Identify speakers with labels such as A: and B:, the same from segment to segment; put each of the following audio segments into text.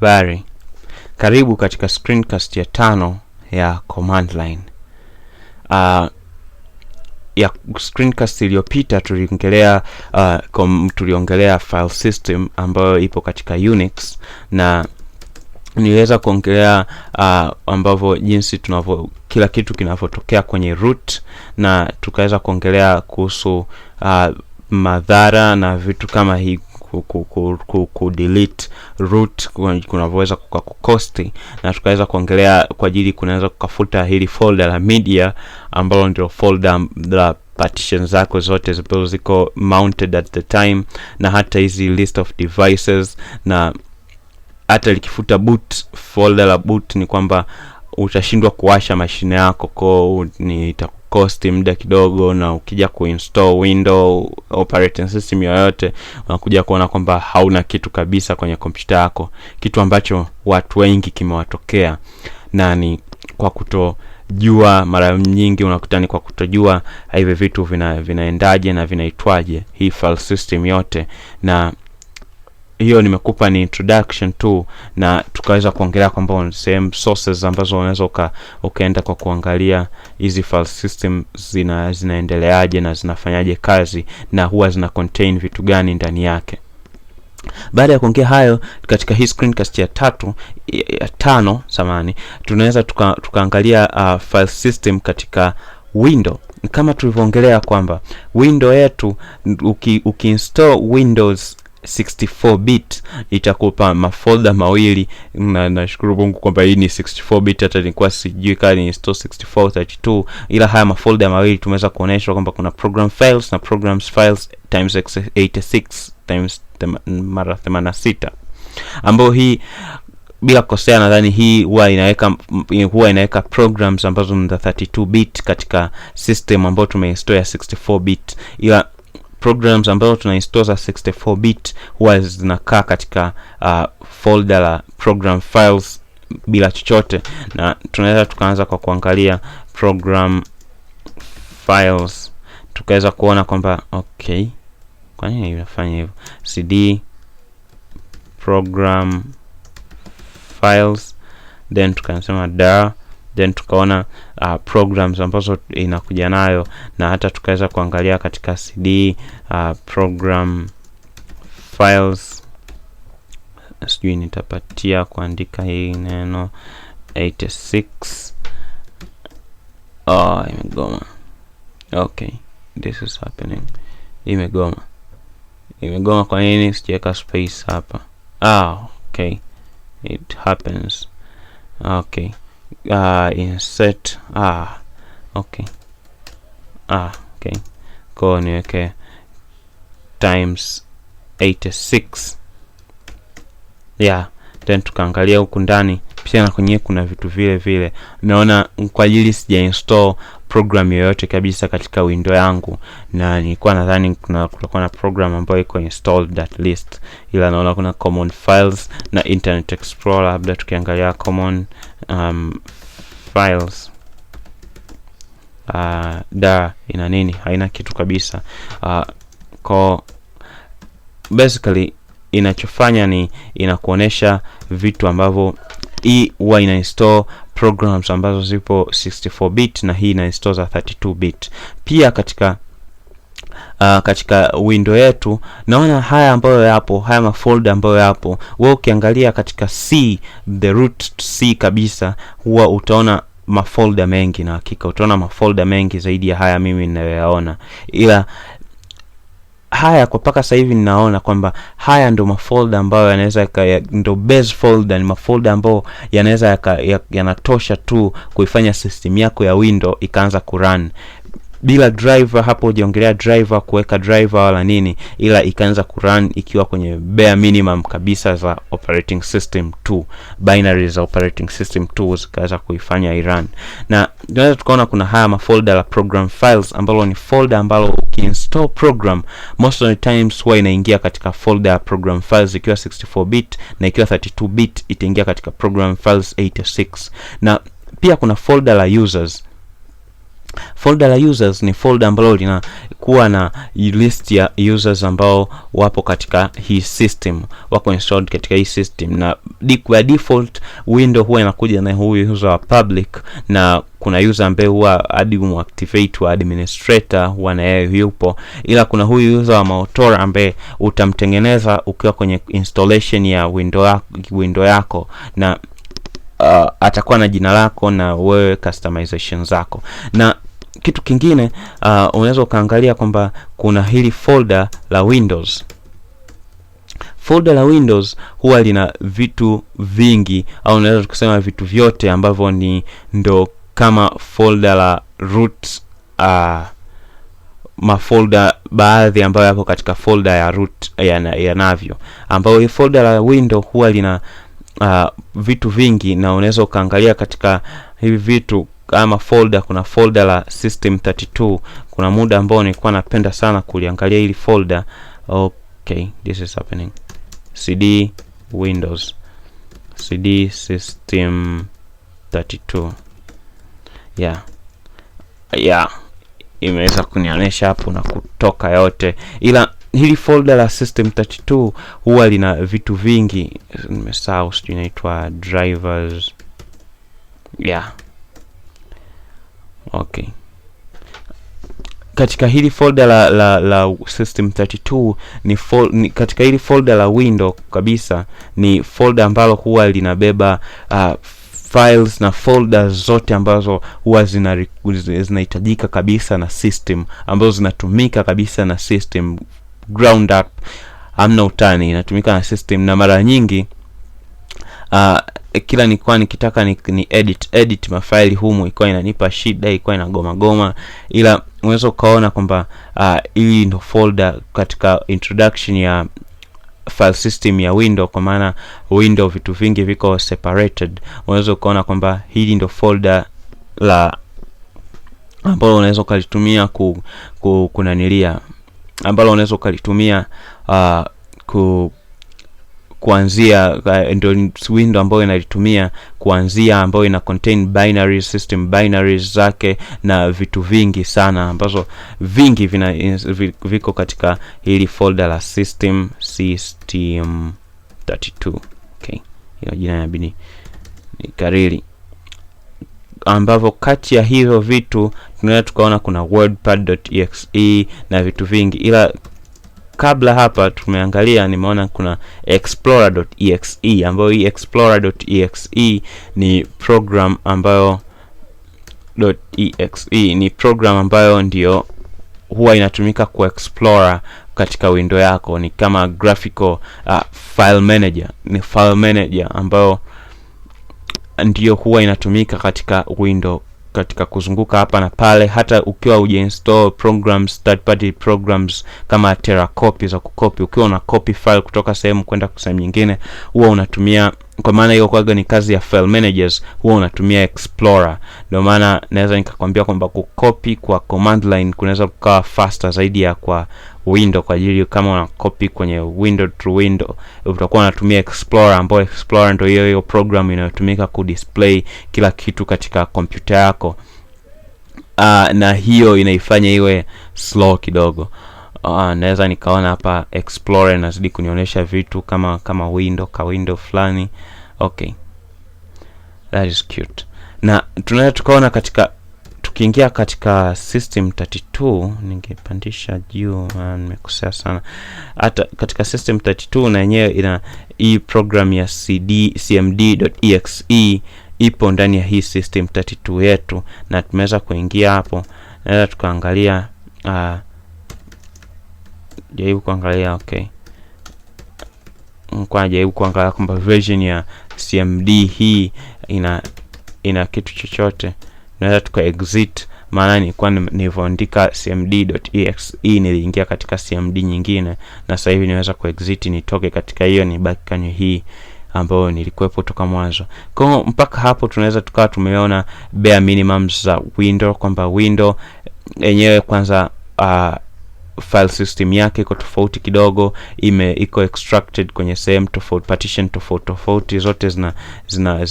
A: Habari, karibu katika screencast ya tano ya command line. Uh, ya screencast iliyopita tuliongelea uh, tuliongelea file system ambayo ipo katika Unix na niliweza kuongelea uh, ambavyo jinsi tunavyo kila kitu kinavyotokea kwenye root na tukaweza kuongelea kuhusu uh, madhara na vitu kama hivi kudelete root kunavyoweza kukakukosti, na tukaweza kuongelea kwa ajili, kunaweza kukafuta hili folder la media ambalo ndio folder la partition zako zote ambazo ziko mounted at the time, na hata hizi list of devices, na hata likifuta boot folder la boot, ni kwamba utashindwa kuwasha mashine yako ko ni costi muda kidogo, na ukija kuinstall window operating system yoyote unakuja kuona kwamba hauna kitu kabisa kwenye kompyuta yako, kitu ambacho watu wengi kimewatokea na ni kwa kuto jua mara nyingi unakuta ni kwa kutojua hivi vitu vina, vinaendaje na vinaitwaje hii file system yote na hiyo nimekupa ni introduction tu, na tukaweza kuongelea kwamba sehemu sources ambazo unaweza uka, ukaenda kwa kuangalia hizi file system zina zinaendeleaje na zinafanyaje kazi na huwa zina contain vitu gani ndani yake. Baada ya kuongea hayo, katika hii screencast ya tatu ya tano samani, tunaweza tukaangalia tuka uh, file system katika window kama tulivyoongelea kwamba window yetu ukiinstall uki Windows 64 bit itakupa mafolda mawili, na nashukuru Mungu kwamba hii ni 64 bit. Hata nilikuwa sijui kaa ni 64 32, ila haya mafolda mawili tumeweza kuonyeshwa kwamba kuna program files na programs files times 86 times mara 86, ambayo hii bila kukosea nadhani hii huwa inaweka huwa inaweka programs ambazo ni za 32 bit katika system ambayo tumeinstall ya 64 bit, ila programs ambazo tunainstall za 64 bit huwa zinakaa katika uh, folder la program files bila chochote, na tunaweza tukaanza kwa kuangalia program files, tukaweza kuona kwamba okay, kwa nini inafanya hivyo? cd program files, then tukasema dar then tukaona uh, programs ambazo inakuja nayo na hata tukaweza kuangalia katika CD uh, program files, sijui nitapatia kuandika hii neno 86 oh, imegoma. Okay, this is happening. Imegoma, imegoma. Kwa nini sijaweka space hapa? Ah, okay, it happens. Okay, uh, insert ah, okay ah, okay ko niweke times 86 yeah then tukaangalia huku ndani pia na kwenyewe kuna vitu vile vile. naona kwa ajili sija install program yoyote kabisa katika window yangu, na nilikuwa nadhani kuna kutakuwa na program ambayo iko installed at least, ila naona kuna common files na internet explorer. Labda tukiangalia common um, files uh, da ina nini? Haina kitu kabisa uh, ko basically inachofanya ni inakuonesha vitu ambavyo hii e, huwa ina install programs ambazo zipo 64 bit na hii ina install za 32 bit. Pia katika Uh, katika window yetu naona haya ambayo yapo haya mafolder ambayo yapo, wewe ukiangalia katika C the root C kabisa, huwa utaona mafolder mengi, na hakika utaona mafolder mengi zaidi ya haya mimi ninayoyaona, ila haya kwa mpaka sasa hivi ninaona kwamba haya ndo mafolda ambayo yanaweza ya, ndo base folder, ni mafolda ambayo yanaweza yanatosha ya, ya tu kuifanya system yako ya window ikaanza kurun bila driver. Hapo hujaongelea driver kuweka driver wala nini, ila ikaanza kurun ikiwa kwenye bare minimum kabisa za operating system 2, binary za operating system 2 zikaanza kuifanya iran na tunaweza tukaona kuna haya mafolder la program files, ambalo ni folder ambalo ukiinstall program most of the times huwa inaingia katika folder ya program files ikiwa 64 bit, na ikiwa 32 bit itaingia katika program files 86 na pia kuna folder la users Folda la users ni folder ambalo linakuwa na list ya users ambao wapo katika hii system, wako installed katika hii system, na by default window huwa inakuja na huyu user wa public, na kuna user ambaye huwa admin activate wa administrator huwa na yeye yupo, ila kuna huyu user wa maotora ambaye utamtengeneza ukiwa kwenye installation ya window yako, window yako na uh, atakuwa na jina lako na wewe customization zako. Na kitu kingine uh, unaweza ukaangalia kwamba kuna hili folder la Windows. Folder la Windows huwa lina vitu vingi au unaweza tukasema vitu vyote ambavyo ni ndo kama folder la root uh, mafolder baadhi ambayo yapo katika folder ya root yanavyo, ya ambayo hii folder la window huwa lina uh, vitu vingi na unaweza ukaangalia katika hivi vitu ama folder. Kuna folder la system32. Kuna muda ambao nilikuwa napenda sana kuliangalia hili folder. Okay, this is happening. cd windows cd system32 yeah yeah, imeweza kunionyesha hapo na kutoka yote ila hili folder la system32 huwa lina vitu vingi, nimesahau, sijui inaitwa drivers yeah. Okay, katika hili folder la, la, la system32 ni, fol, ni katika hili folder la window kabisa ni folder ambalo huwa linabeba uh, files na folders zote ambazo huwa zinahitajika kabisa na system ambazo zinatumika kabisa na system ground up, amna utani, inatumika na system na mara nyingi uh, kila nilikuwa nikitaka ni, ni edit edit mafaili humu ilikuwa inanipa shida, ilikuwa inagomagoma goma, ila unaweza ukaona kwamba ah, hili uh, ndo folder katika introduction ya file system ya window kwa maana window vitu vingi viko separated. Unaweza ukaona kwamba hili ndo folder la ambalo unaweza ukalitumia ku, ku kunanilia ambalo unaweza ukalitumia uh, ku kuanzia uh, ndio window ambayo inalitumia kuanzia ambayo ina contain binary system binaries zake na vitu vingi sana ambazo vingi vina, viko katika hili folder la system system 32 okay, hiyo jina ni nikariri ambavyo kati ya hivyo vitu tunaweza tukaona kuna wordpad.exe na vitu vingi, ila kabla hapa tumeangalia, nimeona kuna explorer.exe, ambayo hii explorer.exe ni program ambayo .exe ni program ambayo ndiyo huwa inatumika ku katika window yako, ni kama graphical uh, file manager. Ni file manager ambayo ndiyo huwa inatumika katika window katika kuzunguka hapa na pale, hata ukiwa hujainstall programs, third party programs kama copy za kukopi. Ukiwa una copy file kutoka sehemu kwenda sehemu nyingine, huwa unatumia kwa maana hiyo kwaga ni kazi ya file managers, huwa unatumia explorer. Ndio maana naweza nikakwambia kwamba kukopi kwa command line kunaweza kukawa faster zaidi ya kwa window kwa ajili kama una copy kwenye window to window, utakuwa unatumia Explorer, ambayo Explorer ndio hiyo hiyo program inayotumika kudisplay kila kitu katika kompyuta yako. Uh, na hiyo inaifanya iwe slow kidogo. Uh, naweza nikaona hapa Explorer inazidi kunionyesha vitu kama kama window ka window fulani. Okay, that is cute. Na tunaweza tukaona katika tukiingia katika system 32 ningepandisha juu, nimekosea sana. Hata katika system 32 na yenyewe ina hii program ya cd cmd.exe e, ipo ndani ya hii system 32 yetu, na tumeweza kuingia hapo, naweza tukaangalia uh, ah, jaribu kuangalia okay kwa jaribu kuangalia kwamba version ya cmd hii ina ina kitu chochote tunaweza tuka exit, maana nilikuwa nilivyoandika cmd.exe niliingia katika cmd nyingine, na sasa hivi niweza ku exit nitoke katika hiyo, nibaki kwenye hii ambayo nilikuwepo toka mwanzo. Kwa mpaka hapo tunaweza tukawa tumeona bare minimum za window kwamba window eh, yenyewe kwanza uh, file system yake iko tofauti kidogo, ime iko extracted kwenye sehemu tofauti, partition tofauti tofauti, zote zina zina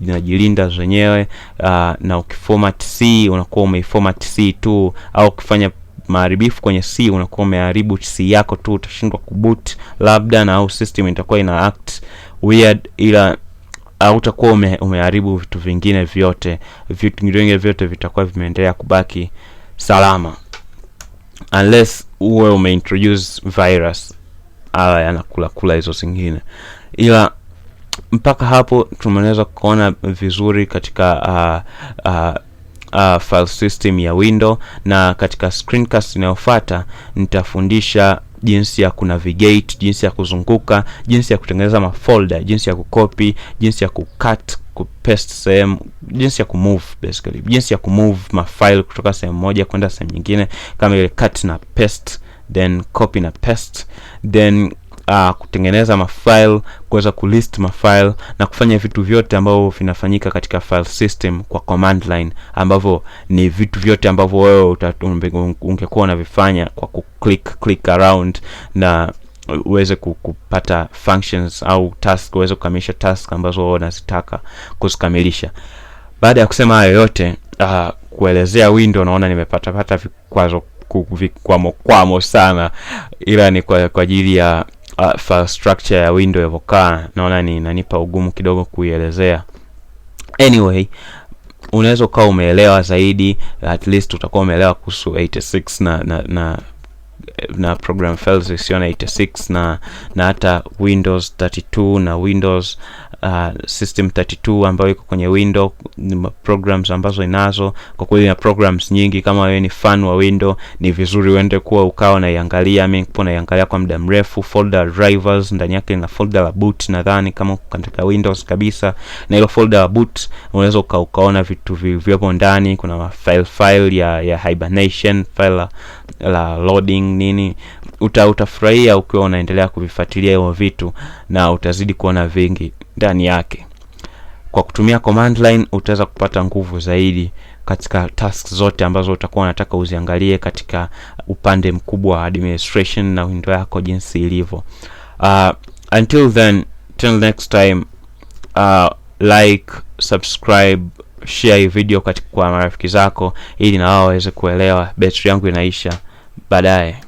A: zinajilinda zina zenyewe. Uh, na ukiformat C unakuwa umeiformat C tu, au ukifanya maharibifu kwenye C unakuwa umeharibu C yako tu, utashindwa kuboot labda, na au system itakuwa ina act weird, ila utakuwa ume, umeharibu vitu vingine vyote. Vitu vingine vyote vitakuwa vimeendelea kubaki salama unless uwe umeintroduce virus awa yanakulakula kula hizo zingine, ila mpaka hapo tumeweza kuona vizuri katika uh, uh, uh, file system ya window, na katika screencast inayofata nitafundisha jinsi ya kunavigate, jinsi ya kuzunguka, jinsi ya kutengeneza mafolder, jinsi ya kukopi, jinsi ya kucut kupaste sehemu, jinsi ya kumove basically, jinsi ya kumove mafile kutoka sehemu moja kwenda sehemu nyingine, kama ile cut na paste, then copy na paste, then uh, kutengeneza mafile, kuweza kulist mafile na kufanya vitu vyote ambavyo vinafanyika katika file system kwa command line, ambavyo ni vitu vyote ambavyo wewe ungekuwa unavifanya kwa ku click click around na uweze kupata functions au task, uweze kukamilisha task ambazo wewe unazitaka kuzikamilisha. Baada ya kusema hayo yote, uh, kuelezea window, naona nimepata pata vikwazo vikwamo sana, ila ni kwa ajili ya uh, structure ya window yavokaa naona ni nanipa ugumu kidogo kuielezea. Anyway, unaweza ukawa umeelewa zaidi, at least utakuwa umeelewa kuhusu 86 na na, na na program files na 86 na na hata Windows 32 na Windows uh, system 32 ambayo iko kwenye window programs ambazo inazo kwa kweli na programs nyingi. Kama wewe ni fan wa window, ni vizuri uende kuwa ukawa naiangalia. Mimi nikupo naiangalia kwa muda mrefu. Folder drivers ndani yake na folder la boot, nadhani kama katika windows kabisa, na ilo folder la boot unaweza uka, ukaona vitu vilivyopo ndani. Kuna file file ya, ya hibernation file la, la loading nini uta utafurahia ukiwa unaendelea kuvifuatilia hivyo vitu na utazidi kuona vingi ndani yake. Kwa kutumia command line utaweza kupata nguvu zaidi katika task zote ambazo utakuwa unataka uziangalie katika upande mkubwa wa administration na window yako jinsi ilivyo. Uh, until then, till next time, uh, like, subscribe, share hii video kwa marafiki zako ili na wao waweze kuelewa. Betri yangu inaisha baadaye.